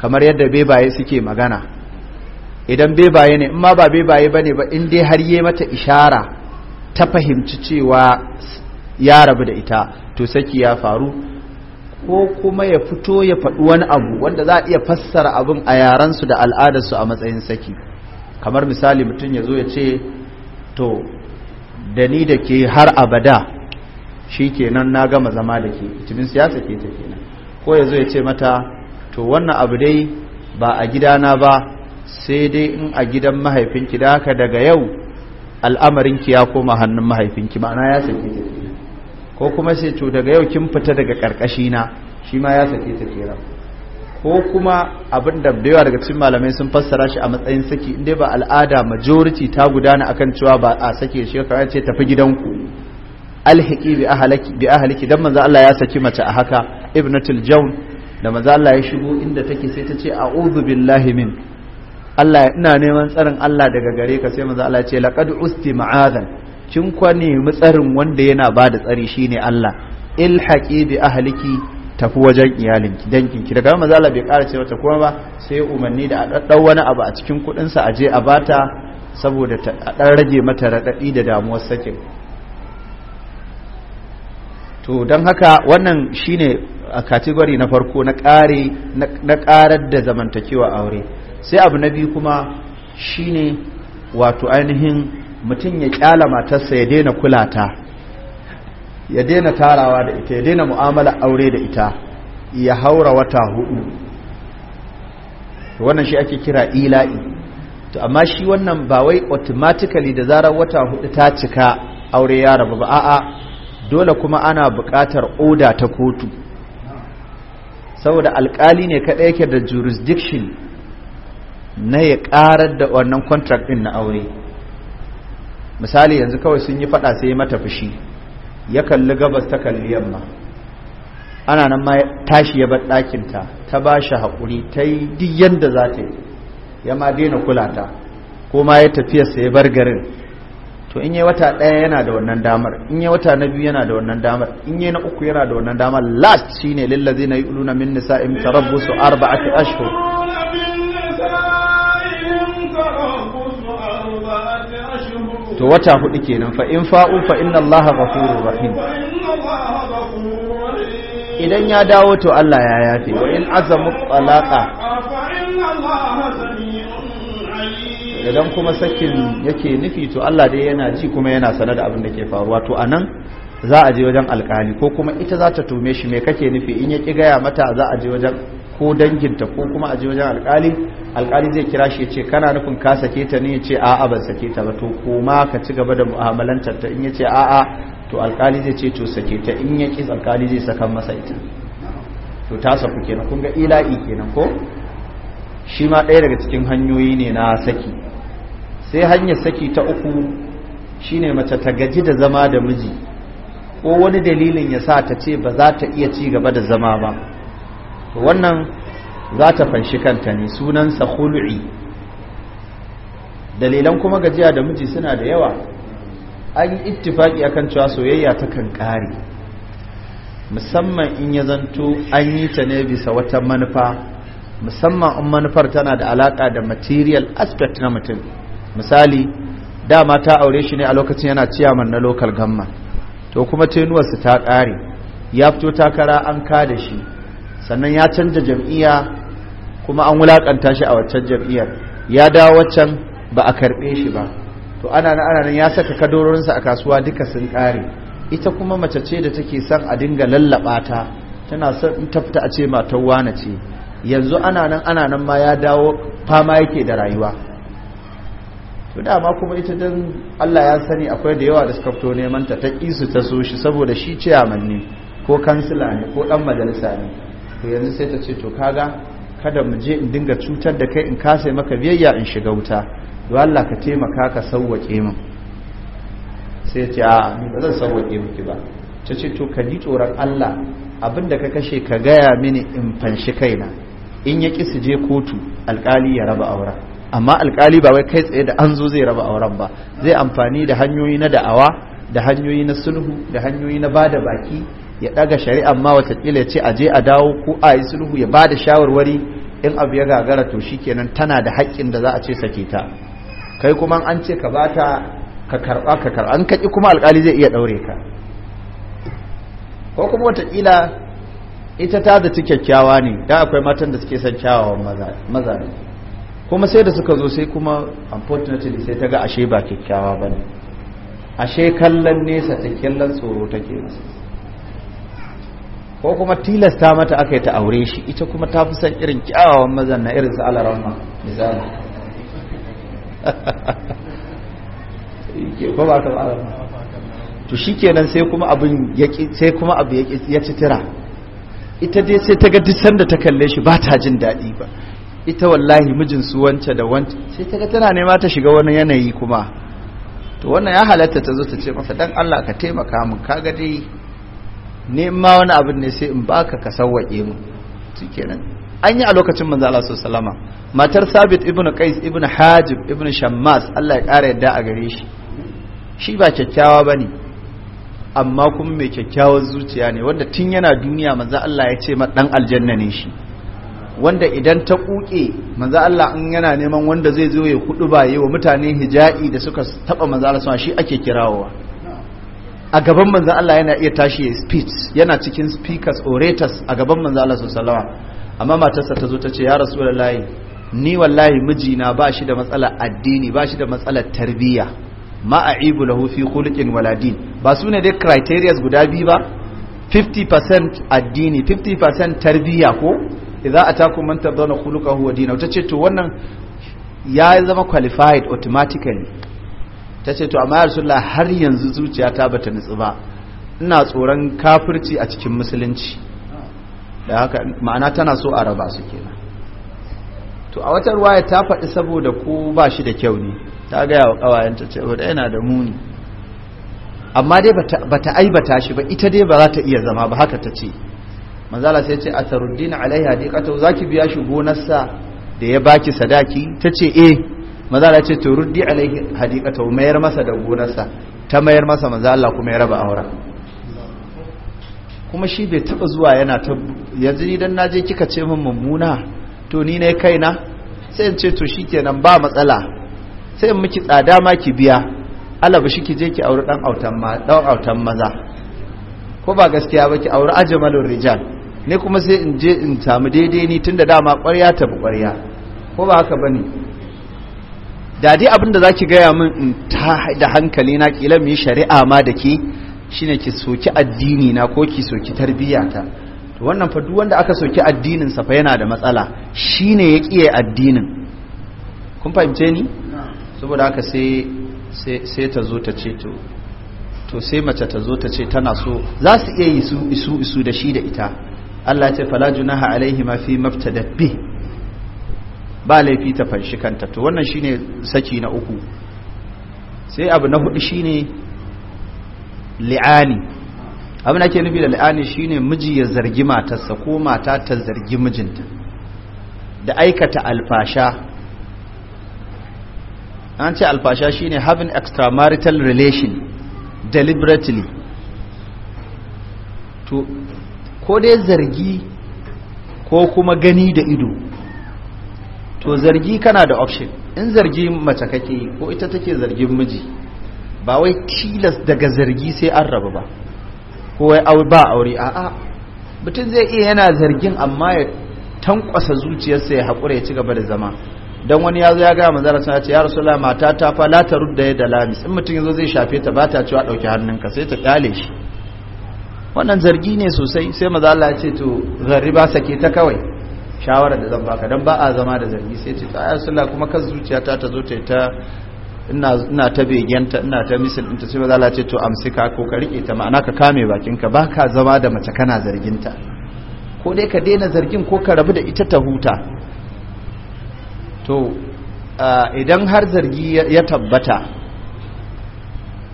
kamar yadda bebaye suke magana idan bebaye ne in ma ba bebaye ba ne ba in dai har yi mata ishara ta fahimci cewa ya rabu da ita to saki ya faru ko kuma ya fito ya faɗi wani abu wanda za a iya fassara abin a su da al'adar su a matsayin saki kamar misali mutum ya zo ya ce to da ni da ke har abada shi kenan na gama zama da ke itinin siyasa ke ta kenan ko ya zo ya ce mata to wannan abu dai ba a gidana ba sai dai in a gidan mahaifinki da daga yau al'amarinki ya koma hannun mahaifinki ma'ana ya sake ta ko kuma sai to daga yau kin fita daga karkashi na shi ma ya sake ta kenan ko kuma abin da da daga cikin malamai sun fassara shi a matsayin saki inda ba al'ada majority ta gudana akan cewa ba a sake shi ka ce tafi gidanku alhiki bi ahlaki bi ahliki dan manzo Allah ya saki mace a haka ibnatul jawn da manzo Allah ya shigo inda take sai ta ce a'udhu billahi min Allah ina neman tsarin Allah daga gare ka sai manzo Allah ya ce laqad usti ma'adan kin kwa nemi tsarin wanda yana ba da tsari shine Allah ilhaqi bi ahliki tafi wajen iyalinki ki daga maza Allah bai ƙara ce mata kuma ba sai umarni da a daddau wani abu a cikin kuɗinsa a je a bata saboda a ɗan rage mata raɗaɗi da damuwar sakin to don haka wannan shine a kategori na farko na ƙare ƙarar da zamantakewa aure sai abu na biyu kuma shine wato ainihin mutum ya kyala matarsa ya daina kulata ya daina tarawa da ita ya daina mu'amala aure da ita ya haura wata hudu wannan shi ake kira ila'i to amma shi wannan ba wai automatically da zarar wata hudu ta cika aure ya rabu ba a'a dole kuma ana buƙatar oda ta kotu saboda alƙali ne kaɗai yake da jurisdiction na ya ƙarar da wannan contract ɗin na aure misali yanzu kawai sun yi fada sai mata fushi ya kalli gabas ta kalli yamma ana nan ma tashi ya bar ɗakinta ta ba shi hakuri ta yi duk yadda za ta ya ma daina kula ta ko ma ya tafiyarsa ya bar garin to in yi wata ɗaya yana da wannan damar in yi wata na biyu yana da wannan damar in yi na uku yana da wannan damar last shine lillazi na yi uluna min nisa'im tarabbusu arba'ati ashhur to wata hudu kenan fa in fa'u fa inna allaha ghafurur rahim idan ya dawo to Allah ya yafe wa in azamu talaqa idan kuma sakin yake nufi to Allah dai yana ji kuma yana sane da abin da ke faruwa to anan za a je wajen alkali ko kuma ita za ta tume shi me kake nufi in ya ki gaya mata za a je wajen ko danginta ko kuma a wajen alkali alkali zai kira shi ya ce kana nufin ka sake ta ne ya ce a'a ban sake ta ba to ma ka ci gaba da mu'amalantar ta in ya ce a'a to alkali zai ce to sake ta in ya kis alkali zai saka masa ita to ta saku kenan kun ga ila'i kenan ko shi ma ɗaya daga cikin hanyoyi ne na saki sai hanyar saki ta uku shine mace ta gaji da zama da miji ko wani dalilin ya sa ta ce ba za ta iya ci gaba da zama ba to wannan za ta fanshi kanta ne sunansa khulu'i dalilan kuma gajiya da miji suna da yawa an yi ittifaki akan cewa soyayya ta kan kare musamman in ya zanto an yi ta ne bisa wata manufa musamman in manufar tana da alaka da material aspect na mutum misali dama ta aure shi ne a lokacin yana ciyaman na local gamma to kuma su ta kare ya fito takara an ka da shi sannan ya canja jam'iyya kuma an wulakanta shi a waccan jam'iyyar ya dawo waccan ba a karbe shi ba to ana nan ana nan ya saka kadorinsa a kasuwa duka sun kare ita kuma mace ce da take son a dinga lallaba ta tana son in ta fita a ce matar na ce yanzu ana nan ana nan ma ya dawo fama yake da rayuwa to dama kuma ita din Allah ya sani akwai da yawa da suka fito neman ta ta kisu ta so shi saboda shi ce ne ko kansila ne ko dan majalisa ne to yanzu sai ta ce to kaga kada mu je in dinga cutar da kai in kasa maka biyayya in shiga wuta don Allah ka taimaka ka sauwake min sai ce a ba zan sauwake miki ba ta ce to ka ji tsoron Allah abinda ka kashe ka gaya mini in fanshi kaina in ya ƙi su je kotu alkali ya raba auren amma alkali ba wai kai tsaye da an zo zai raba auren ba zai amfani da hanyoyi na da'awa da hanyoyi na sulhu da hanyoyi na bada baki ya daga shari'a ma watakila ya ce a je a dawo ko a yi sulhu ya bada shawarwari in abu ya gagara to shikenan tana da haƙƙin da za a ce sake ta kai kuma an ce ka bata ka karɓa ka karɓa an kaki kuma alƙali zai iya ɗaure ka ko kuma watakila ita ta zaci kyakkyawa ne da akwai matan da suke son kyawawan maza ne kuma sai da suka zo sai kuma unfortunately sai ta ga ashe ba kyakkyawa ba ne ashe kallon nesa ta kallon tsoro take masa ko kuma tilasta mata aka yi ta aure shi ita kuma ta fi son irin kyawawan mazan na irin sa'ala rahma misali ko ba ta ba to shikenan sai kuma abin sai kuma abu ya citira ita dai sai ta ga duk sanda ta kalle shi ba ta jin daɗi ba ita wallahi mijin su wance da wance sai ta ga tana nema ta shiga wani yanayi kuma to wannan ya halatta ta zo ta ce masa dan Allah ka taimaka min kaga dai ne ma wani abin ne sai in baka ka sawwaƙe mu shikenan an yi a lokacin manzo Allah sallama matar Sabit ibnu Qais ibn Hajib ibnu Shammas Allah ya kare yadda a gare shi shi ba kyakkyawa bane amma kuma mai kyakkyawar zuciya ne wanda tun yana duniya manzo Allah ya ce ma dan aljanna ne shi wanda idan ta kuke manzo Allah in yana neman wanda zai zo ya kudu ba yi wa mutane hija'i da suka taba manzo Allah shi ake kirawowa a gaban manzan Allah yana iya tashi ya speech yana cikin speakers orators a gaban manzan Allah sallallahu amma matarsa ta zo ta ce ya rasu rasulullahi ni wallahi mijina ba shi da matsala addini ba shi da matsala tarbiyya ma aibu lahu fi khuluqin wala din ba su ne dai criteria guda biyu ba 50% addini 50% tarbiyya ko idza atakum man tadawna khuluquhu wa dinahu tace to wannan ya zama qualified automatically ta ce to amma rasulullah har yanzu zuciya ta bata nutsu ba ina tsoron kafirci a cikin musulunci da haka ma'ana tana so a raba su kenan to a wata ruwaya ta faɗi saboda ko ba shi da kyau ne ta gaya wa ƙawayenta ce wadda yana da muni amma dai bata ai aibata shi ba ita dai ba za ta iya zama ba haka ta ce manzala sai ce a taruddin alaiha dai ƙata za ki biya shi gonarsa da ya baki sadaki ta ce eh maza Allah ce to ruddi alaihi hadiqata mayar masa da gonarsa ta mayar masa maza Allah kuma ya raba auren kuma shi bai taba zuwa yana ta yanzu idan naje kika ce min mummuna to ni ne kaina sai in ce to shikenan ba matsala sai in miki tsada ma ki biya alaba shi ki je ki auri dan autan ma dan autan maza ko ba gaskiya ba ki auri ajmalur rijal ne kuma sai in je in samu daidai ni tunda dama ƙwarya ta bu ƙwarya ko ba haka bane da dai abin da za ki gaya min in da hankali na kila mu shari'a ma da ke shine ki soki addini na ko ki soki tarbiyyata to wannan fa duk wanda aka soki addinin sa fa yana da matsala shine ya kiyaye addinin kun fahimce ni saboda haka sai sai ta zo ta ce to to sai mace ta zo ta ce tana so za su iya yi su isu isu da shi da ita Allah ya ce fala junaha alaihi ma fi mabtada bih ba laifi ta fanshi kanta to wannan shine saki na uku sai abu na hudu shine li'ani abin da ke nufi da li'ani shine miji ya zargi matarsa ko mata ta zargi mijinta da aikata alfasha an ce alfasha shine having extramarital relation deliberately to ko dai zargi ko kuma gani da ido to zargi kana da option in zargi mace kake ko ita take zargin miji ba wai tilas daga zargi sai an rabu ba ko wai ba aure a'a mutum zai iya yana zargin amma ya tankwasa zuciyarsa ya haƙura ya ci gaba da zama don wani ya zo ya gaya manzara ya ce ya la mata ta fa la ta rudda yadda lamis in mutum yazo zai shafe ta ba ta cewa ɗauki hannunka sai ta kale shi wannan zargi ne sosai sai maza Allah ya ce to zarri ba sake ta kawai shawara da zan baka don ba a zama da zargi sai ce tsaya suna kuma kan zuciyata ta zo ta ta ina ta begenta ina ta misil ɗinta sai mazala ce to amsika ko ka riƙe ta ma'ana ka kame bakin ka baka zama da mace kana zarginta ko dai ka daina zargin ko ka rabu da ita ta huta to idan har zargi ya tabbata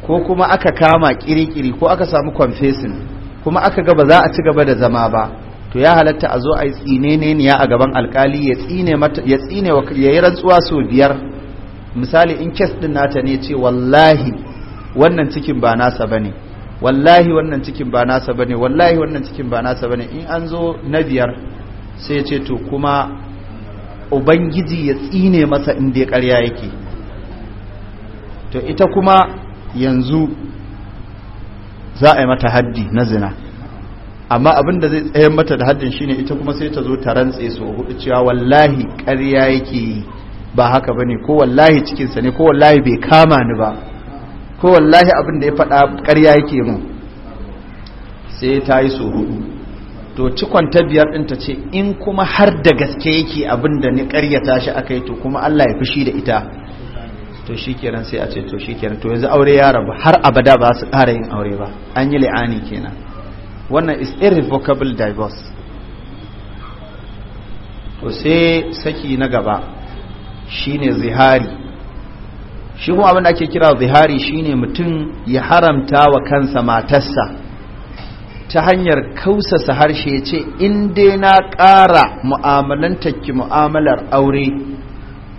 ko kuma aka kama kiri-kiri ko aka samu confessing kuma aka ga ba za a ci gaba da zama ba to ya halatta a zo a yi ya a gaban alkali ya tsine ya ya yi rantsuwa sau biyar misali in kes din nata ne ce wallahi wannan cikin ba nasa bane wallahi wannan cikin ba nasa bane wallahi wannan cikin ba nasa ne in an zo na biyar sai ce to kuma ubangiji ya tsine masa inda ya karya yake to ita kuma yanzu za a yi mata haddi na zina amma abin da zai tsayar mata da haddin shine ita kuma sai ta zo ta rantse su hudu cewa wallahi ƙarya yake ba haka bane ko wallahi cikinsa ne ko wallahi bai kama ni ba ko wallahi abin da ya faɗa ƙarya yake mun sai ta yi su hudu to cikon ta biyar ɗin ta ce in kuma har da gaske yake abin da ni ƙaryata shi aka yi to kuma Allah ya fushi da ita to shi sai a ce to shi to yanzu aure ya rabu har abada ba su ƙara yin aure ba an yi la'ani kenan wannan is irrevocable divorce to sai saki na gaba shine zihari shi kuma abin da ake kira zihari shine mutum ya haramta wa kansa matarsa ta hanyar kausasa harshe ya ce in dai na ƙara mu'amalantar ki mu'amalar aure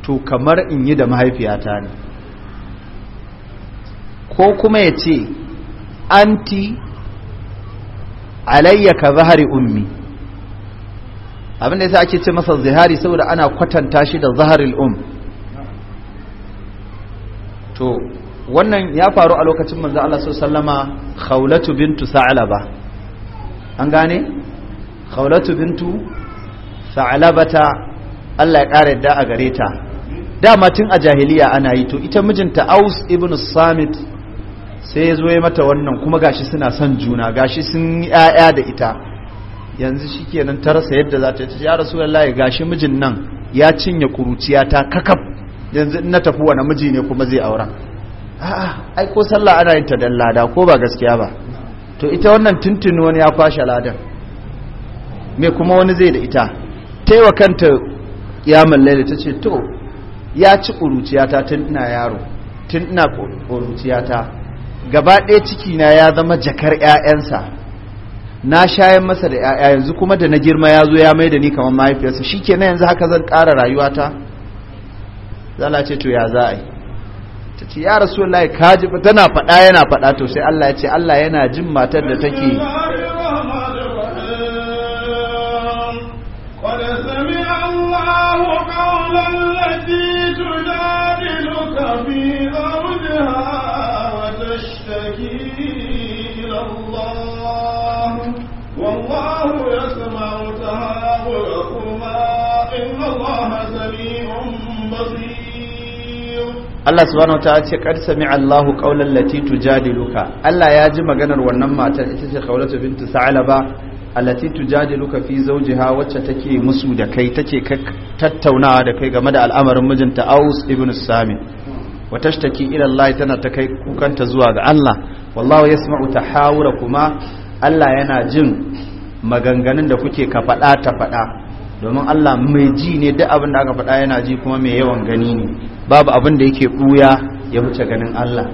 to kamar in yi da mahaifiyata ne ko kuma ya ce anti alayya ka zahari ummi abin da yasa ake ce masa zihari saboda ana kwatanta shi da zaharil um to wannan ya faru a lokacin manzo Allah sallama khawlatu bintu sa'laba an gane khawlatu bintu sa'labata Allah ya kare da a gare ta dama tun a jahiliya ana yi to ita mijinta Aus ibn Samit sai ya zo ya mata wannan kuma gashi suna son juna gashi sun yi 'ya'ya da ita yanzu shikenan ta rasa yadda za ta yi ya rasulullahi gashi mijin nan ya cinye kuruciya ta kakaf yanzu na tafi wa namiji ne kuma zai aura a'a ai ko sallah ana yin ta dan lada ko ba gaskiya ba to ita wannan tuntuni wani ya kwashe ladan me kuma wani zai da ita taiwa kanta ya ta ce to ya ci ta tun ina yaro tun ina ta. gaba ɗaya ciki na ya zama jakar 'ya'yansa na shayan masa da 'ya'ya yanzu kuma da na girma ya zo ya mai da ni kamar mahaifiyarsa shi kenan yanzu haka zan ƙara rayuwata zala ce to ya za ta ce ya rasu lai kaji tana faɗa yana faɗa to sai allah ya ce allah yana jin matar da take Allah subhanahu wa ta'ala ce qad sami'a Allahu qawlan lati tujadiluka Allah ya ji maganar wannan matar ita ce Khawlatu bintu Sa'laba allati tujadiluka fi zawjiha wacce take musu da kai take tattaunawa da kai game da al'amarin mijinta Aus ibn Sami wa tashtaki ila Allah tana ta kai kukanta zuwa ga Allah wallahu yasma'u tahawurakuma Allah yana jin maganganun da kuke ka faɗa ta faɗa domin Allah mai ji ne duk abin da aka faɗa yana ji kuma mai yawan gani ne babu abin da yake buya ya wuce ganin Allah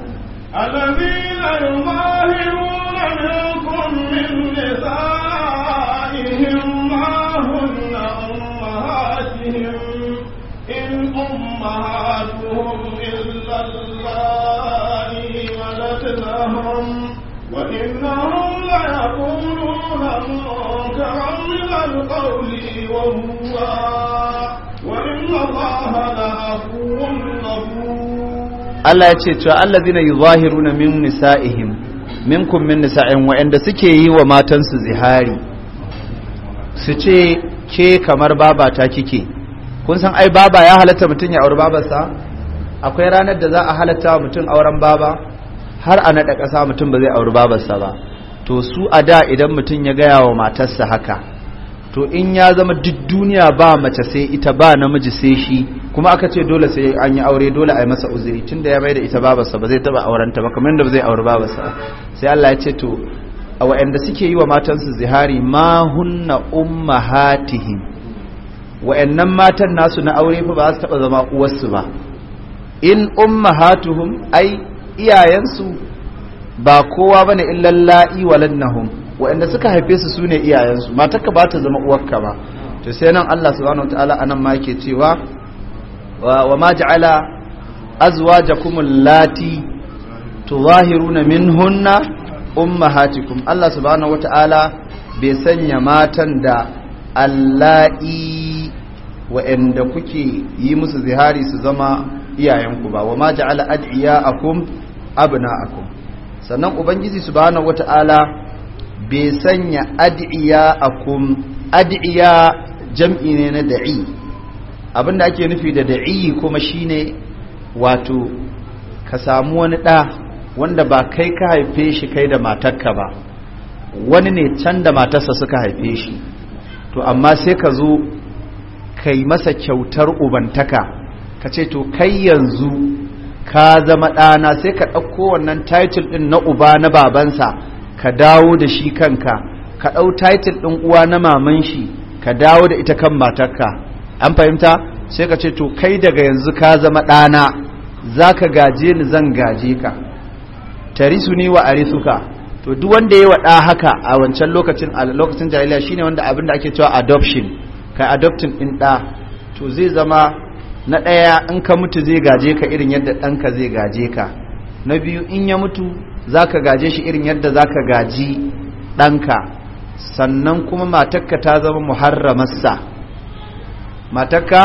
alladhina ma Allah ya ce cewa allazina yuzahiruna min nisa'ihim minkum min nisa'in wa'anda suke yi wa matansu zihari su ce ke kamar baba ta kike kun san ai baba ya halatta mutum ya auri babarsa akwai ranar da za a halatta mutum auren baba har a naɗa ƙasa mutum ba zai auri babarsa ba to su a da idan mutum ya gaya wa matarsa haka to in ya zama duk duniya ba mace sai ita ba namiji sai shi kuma aka ce dole sai an yi aure dole a yi masa uzuri da ya bai da ita babarsa ba zai taba aurenta ba kamar yadda ba zai auri babarsa sai Allah ya ce to a wa'anda suke yi wa matansu zihari ma hunna ummahatihim wa'annan matan nasu na aure fa ba su taba zama uwarsu ba in ummahatuhum ai iyayensu ba kowa bane illa la'i walannahum wa'anda suka haife su sune iyayensu matarka ba ta zama uwarka ba to sai nan Allah subhanahu wataala anan ma yake cewa wa ma ja'ala azwajakum allati tuzahiruna minhunna ummahatikum Allah subhanahu wata'ala bai sanya matan da alla'i wa'anda kuke yi musu zihari su zama iyayenku ba wa ma ja'ala ad'iyaakum abna'akum sannan ubangiji subhanahu wata'ala bai sanya ad'iyaakum ad'iya jam'i ne na da'i abinda ake nufi da da'i kuma shine wato ka samu wani ɗa wanda ba kai ka haife shi kai da matarka ba wani ne can da matarsa suka haife shi to amma sai ka zo kai masa kyautar ubantaka ka ce to kai yanzu ka zama ɗana sai ka ɗauko wannan title ɗin na uba na babansa ka dawo da shi kanka ka ɗau title ɗin uwa na maman shi ka dawo da ita kan matarka an fahimta sai ka ce to kai daga yanzu ka zama ɗana za ka gaje ni zan gaje ka tarisu ni wa arisuka to duk wanda ya waɗa haka a wancan lokacin a lokacin jahiliya shine wanda abin da ake cewa adoption kai adopting ɗin ɗa to zai zama na ɗaya in ka mutu zai gaje ka irin yadda ɗanka zai gaje ka na biyu in ya mutu za ka gaje shi irin yadda za ka gaji ɗanka sannan kuma matakka ta zama muharramarsa matakka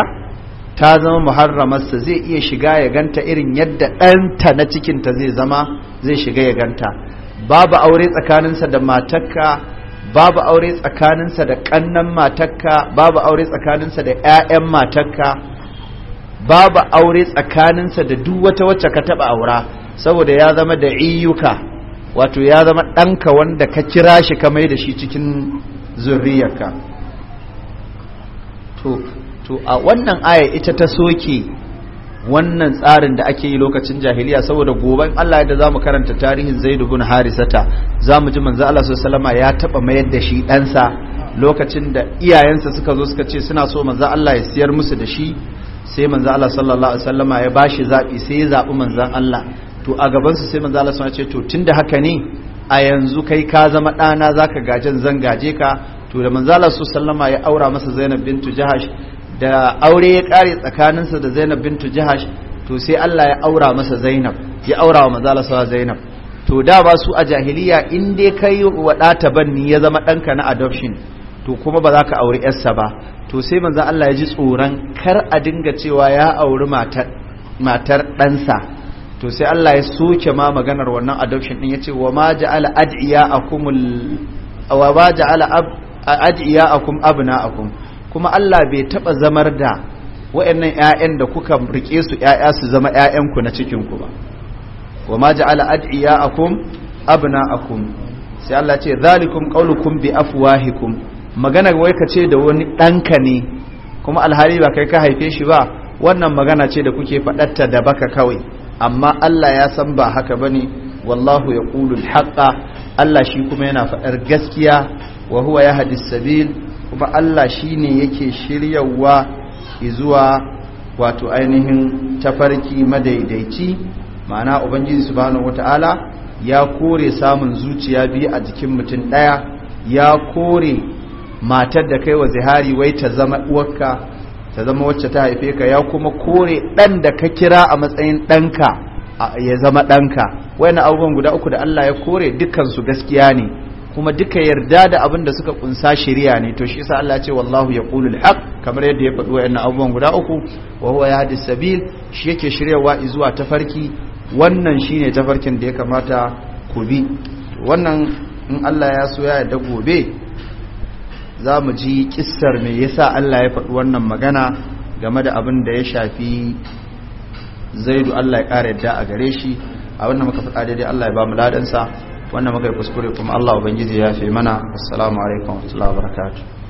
ta zama muharramarsa zai iya shiga ya ganta irin yadda ɗanta na cikin ta zai zama zai shiga ya ganta babu aure tsakaninsa da matakka babu aure tsakaninsa da ƙannan matakka babu aure tsakaninsa da 'ya'yan matakka babu aure tsakaninsa da duk wata wacce ka taɓa aura saboda ya zama da iyuka wato ya zama ɗanka wanda ka kira shi ka mai da shi cikin zurriyarka to a wannan aya ita ta soke wannan tsarin da ake yi lokacin jahiliya saboda goben Allah za zamu karanta tarihin Zaid ibn Harisata zamu ji manzo Allah sallallahu alaihi ya taba mayar da shi ɗansa lokacin da iyayensa suka zo suka ce suna so manzo Allah ya siyar musu da shi sai manzo Allah sallallahu alaihi wasallama ya bashi zabi sai ya zabi manzon Allah to a gaban su sai manzo Allah sallallahu alaihi ya ce to tunda haka ne a yanzu kai ka zama ɗana zaka gajen zan gaje ka to da manzo Allah sallallahu alaihi ya aura masa Zainab bintu Jahash da aure ya kare tsakaninsa da zainab bintu jahash to sai Allah ya aura masa zainab ya aura wa mazalasa zainab to da ba su a jahiliya in dai kai wa ɗa banni ya zama ɗanka na adoption to kuma ba za ka auri yarsa ba to sai manzo Allah ya ji tsoron kar a dinga cewa ya auri matar matar ɗansa to sai Allah ya soke ma maganar wannan adoption din yace wa ma ja'ala adiya akumul wa ba ja'ala adiya akum akum kuma Allah bai taba zamar da wa'annan ƴaƴan da kuka rike su ƴaƴa su zama ƴaƴan ku na cikin ku ba wa ma ja'ala ad'iyaakum abna'akum sai Allah ce zalikum qaulukum bi afwahikum magana wai ka ce da wani danka ne kuma alhali ba kai ka haife shi ba wannan magana ce da kuke faɗatta da baka kawai amma Allah ya san ba haka bane wallahu yaqulul kulu haƙƙa. Allah shi kuma yana faɗar gaskiya wa huwa yahdi sabil kuma Allah shi ne yake shiryawa zuwa wato ainihin tafarki madaidaici ma'ana ubangiji subhanahu wata'ala ya kore samun zuciya biyu a jikin mutum ɗaya, ya kore matar da kai wa zihari wai ta zama uwarka ta zama wacce ta haife ka ya kuma kore ɗan da ka kira a matsayin ɗanka ya zama ɗanka wani abubuwan guda uku da Allah ya kore dukansu gaskiya ne kuma duka yarda da abin da suka kunsa shari'a ne to shi yasa Allah ce wallahu yaqulu alhaq kamar yadda ya faɗi wayannan abubuwan guda uku wa huwa yahdi sabil shi yake shiryawa zuwa tafarki wannan shine tafarkin da ya kamata ku bi wannan in Allah ya so ya yarda gobe za mu ji kissar me yasa Allah ya faɗi wannan magana game da abin da ya shafi zaidu Allah ya ƙara yadda a gare shi a wannan muka faɗa daidai Allah ya ba mu ladansa wannan muka yi kuskure kuma Allah ubangiji ya fi mana assalamu alaikum wa rahmatullahi wa barakatuh